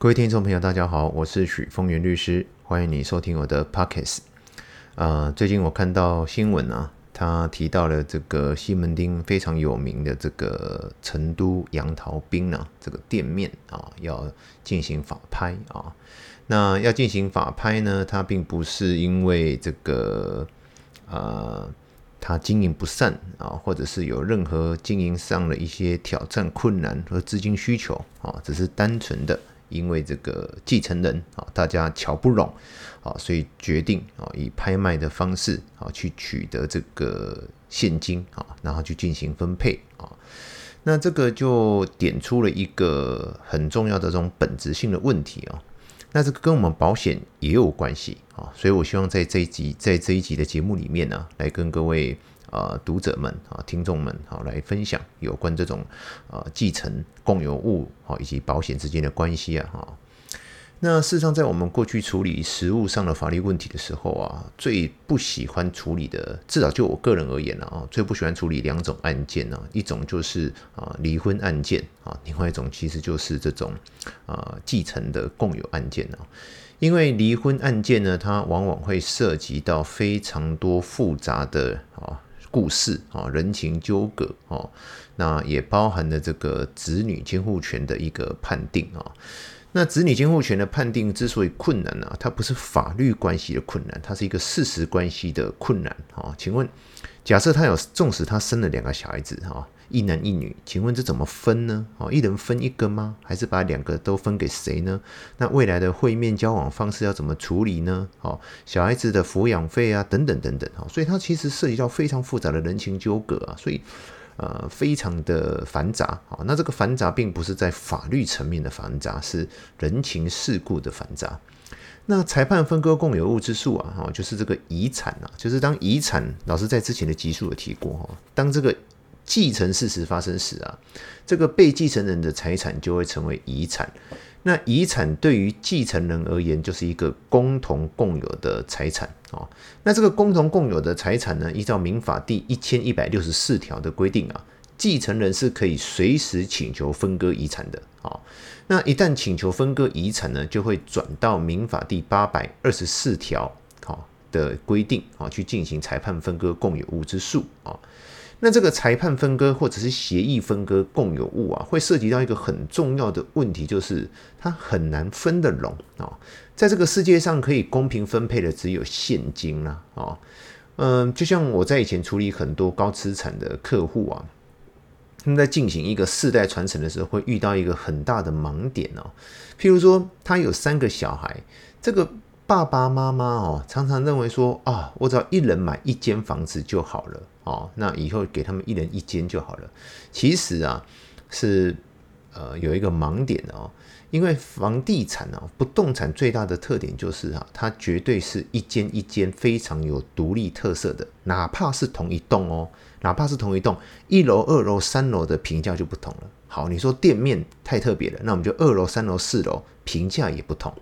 各位聽眾朋友，大家好，我是許峰源律師，歡迎你收聽我的 Podcast。呃，最近我看到新聞啊，他提到了這個西門町非常有名的這個成都楊桃冰啊，這個店面啊，要進行法拍啊。那要進行法拍呢，它並不是因為這個呃，他、啊、經營不善啊，或者是有任何經營上的一些挑戰、困難和資金需求啊，只是單純的。因為這個繼承人啊，大家喬不攏啊，所以決定啊，以拍賣的方式啊，去取得這個現金啊，然後去進行分配啊。那這個就點出了一個很重要的這種本質性的問題啊。那這個跟我們保險也有關係啊，所以我希望在這一集，在這一集的節目裡面呢，啊，來跟各位。呃，讀者們啊，聽眾們啊，來分享有關這種啊繼承共有物啊，以及保險之間的關係啊。那事實上，在我們過去處理實務上的法律問題的時候啊，最不喜歡處理的，至少就我個人而言啊，最不喜歡處理兩種案件啊，一種就是啊離婚案件啊，另外一種其實就是這種啊繼承的共有案件啊。因為離婚案件呢，它往往會涉及到非常多複雜的啊。故事啊，人情糾葛哦，那也包含了這個子女監護權的一個判定啊。那子女監護權的判定之所以困難呢，啊，它不是法律關係的困難，它是一個事實關係的困難啊。請問，假設他有，縱使他生了兩個小孩子哈。一男一女，請問這怎麼分呢？哦，一人分一個嗎？還是把兩個都分給誰呢？那未來的會面交往方式要怎麼處理呢？哦，小孩子的撫養費啊，等等等等啊，所以它其實涉及到非常複雜的人情糾葛啊，所以呃，非常的繁雜啊。那這個繁雜並不是在法律層面的繁雜，是人情世故的繁雜。那裁判分割共有物之訴啊，哈，就是這個遺產啊，就是當遺產，老師在之前的集數有提過哈，當這個。繼承事實發生時啊，這個被繼承人的財產就會成為遺產。那遺產對於繼承人而言，就是一個共同共有的財產啊。那這個共同共有的財產呢，依照民法第一千一百六十四條的規定啊，繼承人是可以隨時請求分割遺產的啊。那一旦請求分割遺產呢，就會轉到民法第八百二十四條啊的規定啊，去進行裁判分割共有物之訴啊。那這個裁判分割或者是協議分割共有物啊，會涉及到一個很重要的問題，就是它很難分得攏啊。在這個世界上，可以公平分配的只有現金啦。啊，嗯，就像我在以前處理很多高資產的客戶啊，他們在進行一個世代傳承的時候，會遇到一個很大的盲點哦。譬如說，他有三個小孩，這個。爸爸媽媽哦，常常認為說啊，我只要一人買一間房子就好了哦。那以後給他們一人一間就好了。其實啊，是呃有一個盲點的哦。因為房地產啊，不動產最大的特點就是啊，它絕對是一間一間非常有獨立特色的。哪怕是同一棟哦，哪怕是同一棟，一樓、二樓、三樓的評價就不同了。好，你說店面太特別了，那我們就二樓、三樓、四樓評價也不同，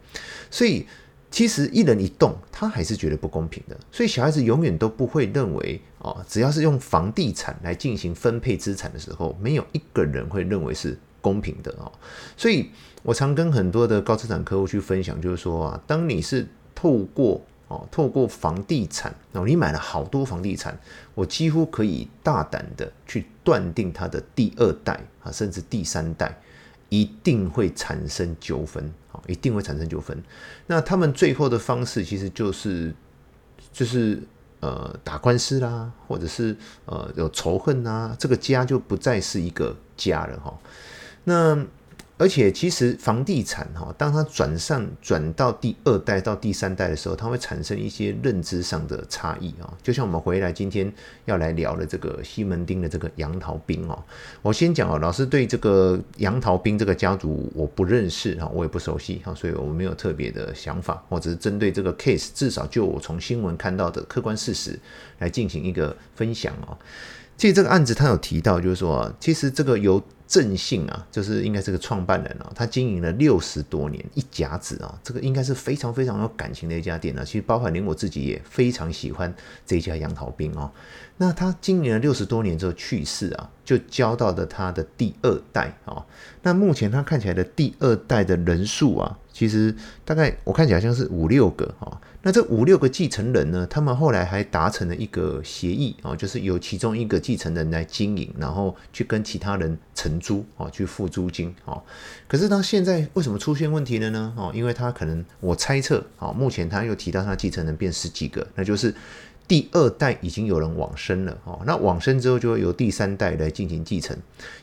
所以。其實一人一棟，他還是覺得不公平的。所以小孩子永遠都不會認為哦，只要是用房地產來進行分配資產的時候，沒有一個人會認為是公平的哦。所以我常跟很多的高資產客戶去分享，就是說啊，當你是透過哦，透過房地產，哦，你買了好多房地產，我幾乎可以大膽的去斷定，它的第二代啊，甚至第三代，一定會產生糾紛。一定會產生糾紛，那他們最後的方式其實就是就是呃打官司啦，或者是呃有仇恨啊，這個家就不再是一個家了哈。那而且其實房地產哈，當它轉上轉到第二代到第三代的時候，它會產生一些認知上的差異啊。就像我們回來今天要來聊的這個西門町的這個楊桃冰哦，我先講哦，老師對這個楊桃冰這個家族我不認識哈，我也不熟悉哈，所以我沒有特別的想法，我只是針對這個 case，至少就我從新聞看到的客觀事實來進行一個分享哦。其實這個案子他有提到，就是說，其實這個有。鄭姓啊，就是應該是個創辦人啊，他經營了六十多年，一甲子啊，這個應該是非常非常有感情的一家店啊。其實包括連我自己也非常喜歡這家楊桃冰啊。那他經營了六十多年之後去世啊，就交到了他的第二代啊。那目前他看起來的第二代的人數啊，其實大概我看起來像是五六個哦、啊，那這五六個繼承人呢，他們後來還達成了一個協議啊，就是由其中一個繼承人來經營，然後去跟其他人承。租、哦、啊，去付租金啊、哦，可是他現在為什麼出現問題了呢？哦，因為他可能我猜測啊、哦，目前他又提到他繼承人變十幾個，那就是第二代已經有人往生了哦，那往生之後就會由第三代來進行繼承，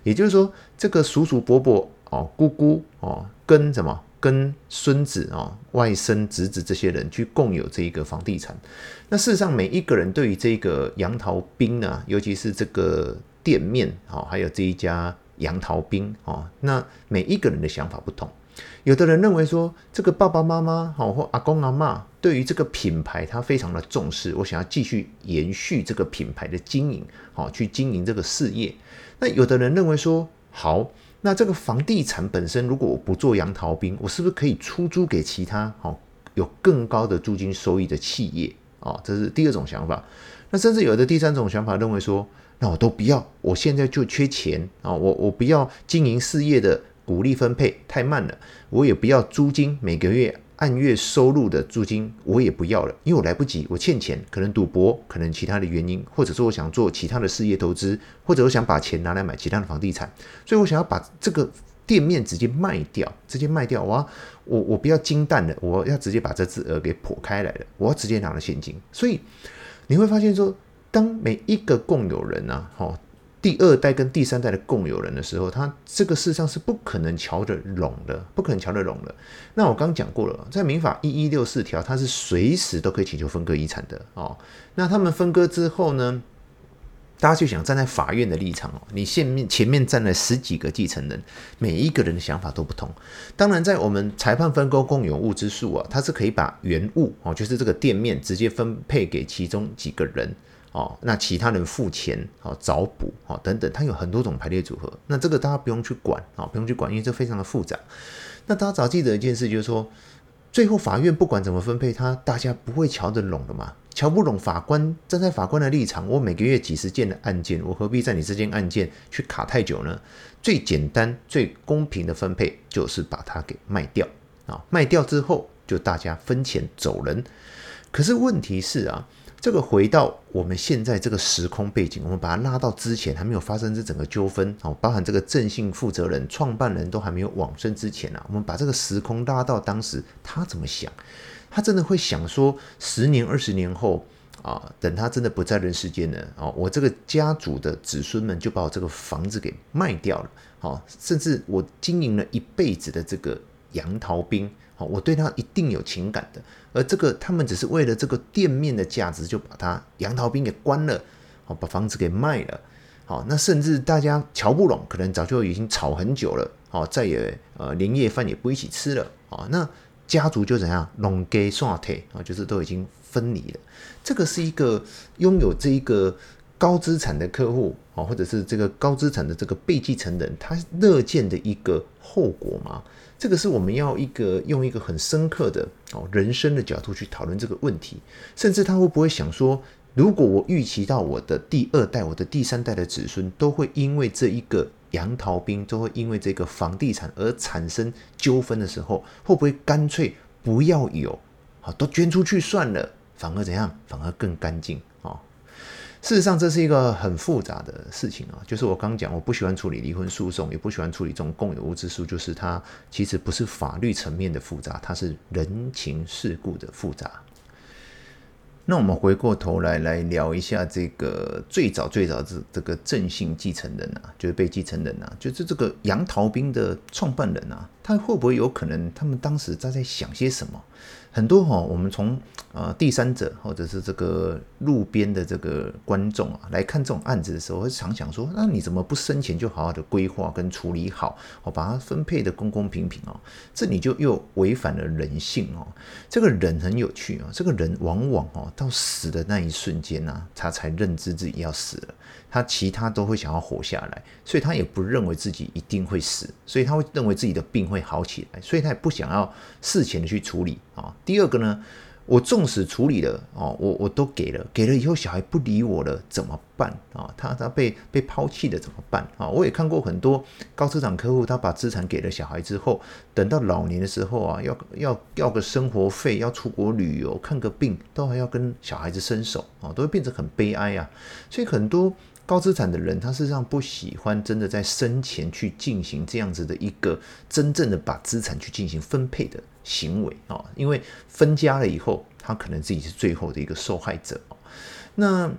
也就是說這個叔叔伯伯哦、姑姑哦，跟什麼跟孫子哦、外甥侄子、子這些人去共有這一個房地產。那事實上每一個人對於這個楊桃冰呢，尤其是這個店面啊、哦，還有這一家。楊桃冰哦，那每一個人的想法不同，有的人認為說，這個爸爸媽媽好或阿公阿嬤對於這個品牌他非常的重視，我想要繼續延續這個品牌的經營，好去經營這個事業。那有的人認為說，好，那這個房地產本身如果我不做楊桃冰，我是不是可以出租給其他好有更高的租金收益的企業？哦，這是第二種想法。那甚至有的第三種想法認為說。那我都不要，我現在就缺錢啊！我我不要經營事業的股利分配太慢了，我也不要租金，每個月按月收入的租金我也不要了，因為我來不及，我欠錢，可能賭博，可能其他的原因，或者說我想做其他的事業投資，或者我想把錢拿來買其他的房地產，所以我想要把這個店面直接賣掉，直接賣掉！我要，我我不要金蛋的，我要直接把這隻鵝給剖開來了，我要直接拿了現金，所以你會發現說。當每一個共有人啊，第二代跟第三代的共有人的時候，他這個事實上是不可能喬得攏的，不可能喬得攏的。那我剛講過了，在民法一一六四條，他是隨時都可以請求分割遺產的。那他們分割之後呢，大家就想站在法院的立場哦，你現面前面站了十幾個繼承人，每一個人的想法都不同。當然，在我們裁判分割共有物之訴啊，他是可以把原物哦，就是這個店面直接分配給其中幾個人。哦，那其他人付錢，哦，找補，哦，等等，它有很多種排列組合。那這個大家不用去管，啊、哦，不用去管，因為這非常的複雜。那大家只要記得一件事，就是說，最後法院不管怎麼分配它，它大家不會瞧得攏的嘛，瞧不攏。法官站在法官的立場，我每個月幾十件的案件，我何必在你這件案件去卡太久呢？最簡單、最公平的分配就是把它給賣掉，啊、哦，賣掉之後就大家分錢走人。可是問題是啊。這個回到我們現在這個時空背景，我們把它拉到之前還沒有發生這整個糾紛包含這個鄭姓負責人、創辦人都還沒有往生之前呢、啊，我們把這個時空拉到當時他怎麼想？他真的會想說，十年、二十年後啊，等他真的不在人世間了啊，我這個家族的子孫們就把我這個房子給賣掉了，啊、甚至我經營了一輩子的這個楊桃冰。我對他一定有情感的，而這個他們只是為了這個店面的價值，就把他楊桃冰給關了，好，把房子給賣了，好，那甚至大家喬不攏，可能早就已經吵很久了，好，再也呃年夜飯也不一起吃了，啊，那家族就怎樣攏給刷脫啊，就是都已經分離了，這個是一個擁有這一個。高資產的客戶啊，或者是這個高資產的這個被繼承人，他樂見的一個後果嗎？這個是我們要一個用一個很深刻的哦人生的角度去討論這個問題。甚至他會不會想說，如果我預期到我的第二代、我的第三代的子孫都會因為這一個楊桃冰，都會因為這個房地產而產生糾紛的時候，會不會乾脆不要有，好，都捐出去算了？反而怎樣？反而更乾淨。事實上，這是一個很複雜的事情啊，就是我剛剛講，我不喜歡處理離婚訴訟，也不喜歡處理這種共有物之訴，就是它其實不是法律層面的複雜，它是人情世故的複雜。那我們回過頭來來聊一下這個最早最早這這個正信繼承人啊，就是被繼承人啊，就是這個楊桃冰的創辦人啊。他會不會有可能？他們當時他在想些什麼？很多哈、哦，我們從啊、呃、第三者或者是這個路邊的這個觀眾啊來看這種案子的時候，會常想說：那你怎麼不生前就好好的規劃跟處理好？我、哦、把它分配的公公平平哦，這裡就又違反了人性哦。這個人很有趣哦，這個人往往哦到死的那一瞬間呢、啊，他才認知自己要死了。他其他都會想要活下來，所以他也不認為自己一定會死，所以他會認為自己的病會好起來，所以他也不想要事前的去處理啊，哦。第二個呢，我縱使處理了哦，我我都給了，給了以後小孩不理我了怎麼辦啊、哦？他他被被拋棄了怎麼辦啊、哦？我也看過很多高資產客戶，他把資產給了小孩之後，等到老年的時候啊，要要要個生活費，要出國旅遊，看個病，都還要跟小孩子伸手啊、哦，都會變成很悲哀啊。所以很多高資產的人，他事實上不喜歡真的在生前去進行這樣子的一個真正的把資產去進行分配的。行為啊，因為分家了以後，他可能自己是最後的一個受害者啊。那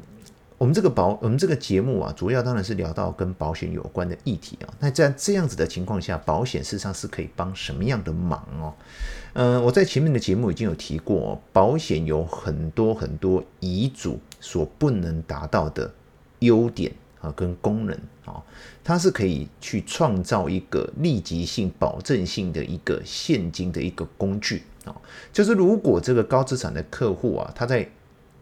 我們這個保，我們這個節目啊，主要當然是聊到跟保險有關的議題啊。那在這樣子的情況下，保險事實上是可以幫什麼樣的忙哦？呃，我在前面的節目已經有提過，保險有很多很多遺囑所不能達到的優點啊，跟功能。啊，它是可以去創造一個立即性、保證性的一個現金的一個工具啊，就是如果這個高資產的客戶啊，他在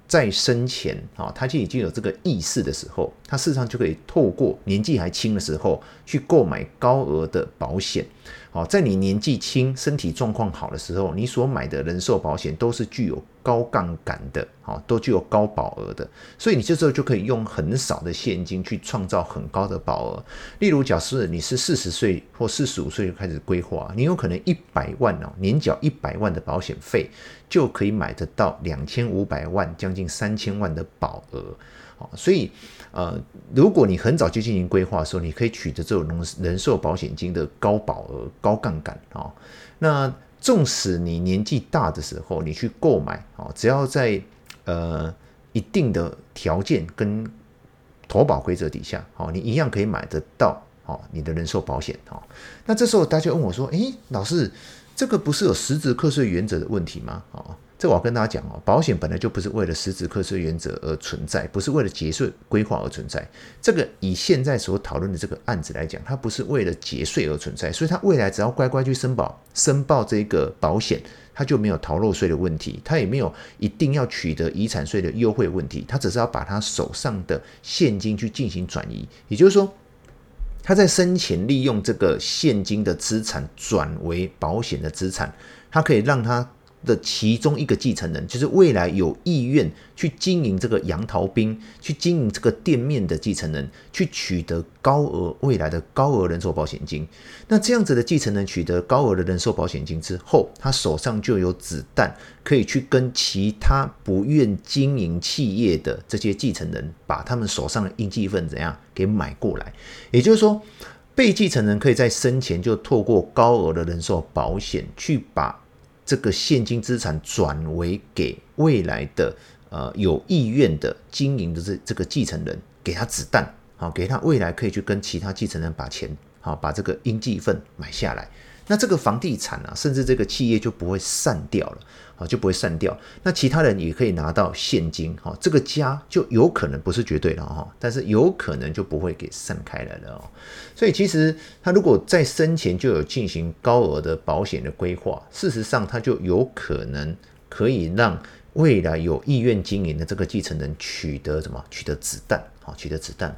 在生前啊，他就已經有這個意識的時候，他事實上就可以透過年紀還輕的時候去購買高額的保險。好，在你年紀輕、身體狀況好的時候，你所買的人壽保險都是具有高槓桿的，好，都具有高保額的，所以你這時候就可以用很少的現金去創造很高的保額。例如，假設你是四十歲或四十五歲就開始規劃，你有可能一百萬哦，年繳一百萬的保險費，就可以買得到兩千五百萬，將近三千萬的保額。所以，呃，如果你很早就進行規劃的時候，你可以取得這種人人壽保險金的高保額、高槓桿啊、哦。那縱使你年紀大的時候，你去購買啊、哦，只要在呃一定的條件跟投保規則底下，哦，你一樣可以買得到哦，你的人壽保險啊、哦。那這時候大家問我說：“誒，老師，這個不是有實質課稅原則的問題嗎？”哦。這我跟大家講哦，保險本來就不是為了實質課稅原則而存在，不是為了節稅規劃而存在。這個以現在所討論的這個案子來講，它不是為了節稅而存在，所以它未來只要乖乖去申報申報這個保險，它就沒有逃漏稅的問題，它也沒有一定要取得遺產稅的優惠問題，它只是要把他手上的現金去進行轉移，也就是說，他在生前利用這個現金的資產轉為保險的資產，它可以讓他的其中一個繼承人，就是未來有意願去經營這個楊桃冰、去經營這個店面的繼承人，去取得高額未來的高額人壽保險金。那這樣子的繼承人取得高額的人壽保險金之後，他手上就有子彈，可以去跟其他不願經營企業的這些繼承人，把他們手上的應繼分怎樣給買過來。也就是說，被繼承人可以在生前就透過高額的人壽保險去把。這個現金資產轉為給未來的呃，有意願的經營的這這個繼承人，給他子彈，好，給他未來可以去跟其他繼承人把錢，好，把這個應繼份買下來。那這個房地產啊，甚至這個企業就不會散掉了，啊，就不會散掉。那其他人也可以拿到現金，哈，這個家就有可能不是絕對的哈，但是有可能就不會給散開來了哦。所以其實他如果在生前就有進行高額的保險的規劃，事實上他就有可能可以讓。未來有意願經營的這個繼承人取得什麼？取得子彈，好，取得子彈。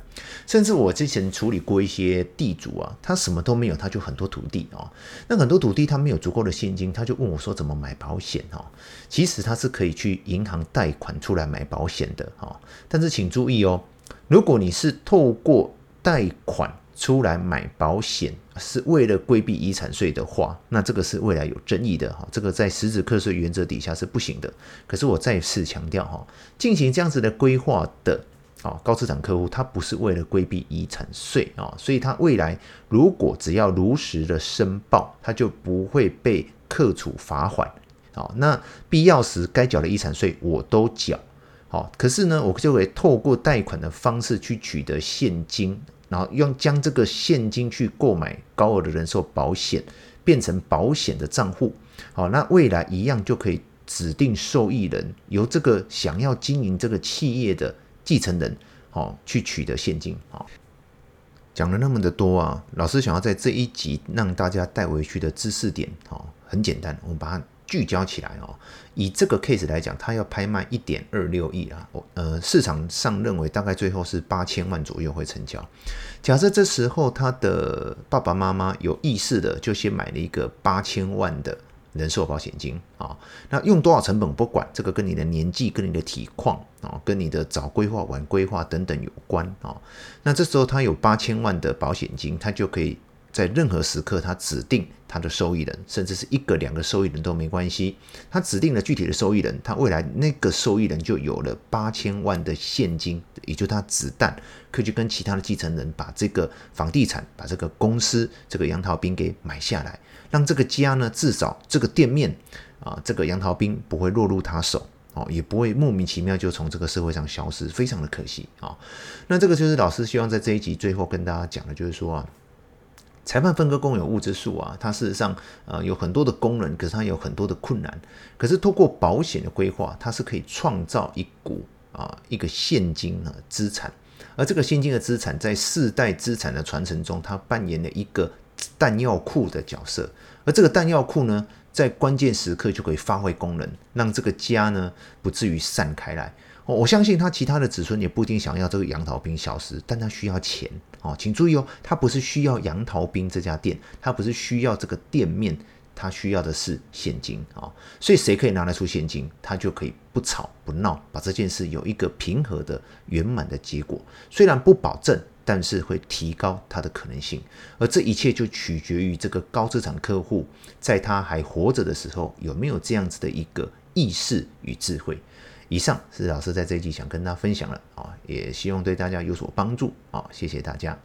甚至我之前處理過一些地主啊，他什麼都沒有，他就很多土地啊。那很多土地他沒有足夠的現金，他就問我說怎麼買保險啊？其實他是可以去銀行貸款出來買保險的啊。但是請注意哦，如果你是透過貸款。出來買保險是為了規避遺產稅的話，那這個是未來有爭議的哈。這個在實質課稅原則底下是不行的。可是我再次強調哈，進行這樣子的規劃的啊高資產客戶，他不是為了規避遺產稅啊，所以他未來如果只要如實的申報，他就不會被課處罰鍰。那必要時該繳的遺產稅我都繳。好，可是呢，我就會透過貸款的方式去取得現金。然後用將這個現金去購買高額的人壽保險，變成保險的賬戶，好，那未來一樣就可以指定受益人，由這個想要經營這個企業的繼承人，哦，去取得現金，啊，講了那麼的多啊，老師想要在這一集讓大家帶回去的知識點，哦，很簡單，我們把它。聚焦起來哦，以這個 case 來講，他要拍賣一點二六億啊。呃，市場上認為大概最後是八千萬左右會成交。假設這時候他的爸爸媽媽有意識的就先買了一個八千萬的人壽保險金啊，那用多少成本不管，這個跟你的年紀、跟你的體況啊、跟你的早規劃、晚規劃等等有關啊。那這時候他有八千萬的保險金，他就可以。在任何時刻，他指定他的受益人，甚至是一個兩個受益人都沒關係。他指定了具體的受益人，他未來那個受益人就有了八千萬的現金，也就他子彈可以去跟其他的繼承人把這個房地產、把這個公司、這個楊桃冰給買下來，讓這個家呢至少這個店面啊，這個楊桃冰不會落入他手哦，也不會莫名其妙就從這個社會上消失，非常的可惜啊。那這個就是老師希望在這一集最後跟大家講的，就是說啊。裁判分割共有物之數啊，它事實上呃有很多的功能，可是它有很多的困難。可是透過保險的規劃，它是可以創造一股啊、呃、一個現金的資產，而這個現金的資產在世代資產的傳承中，它扮演了一個彈藥庫的角色。而這個彈藥庫呢，在關鍵時刻就可以發揮功能，讓這個家呢不至於散開來，哦。我相信他其他的子孫也不一定想要這個楊桃冰消失，但他需要錢。哦，請注意哦，他不是需要楊桃冰這家店，他不是需要這個店面，他需要的是現金啊。所以誰可以拿得出現金，他就可以不吵不鬧，把這件事有一個平和的圓滿的結果。雖然不保證，但是會提高他的可能性。而這一切就取決於這個高資產客戶，在他還活着的時候，有沒有這樣子的一個意識與智慧。以上是老師在這一集想跟大家分享的啊，也希望對大家有所幫助啊，謝謝大家。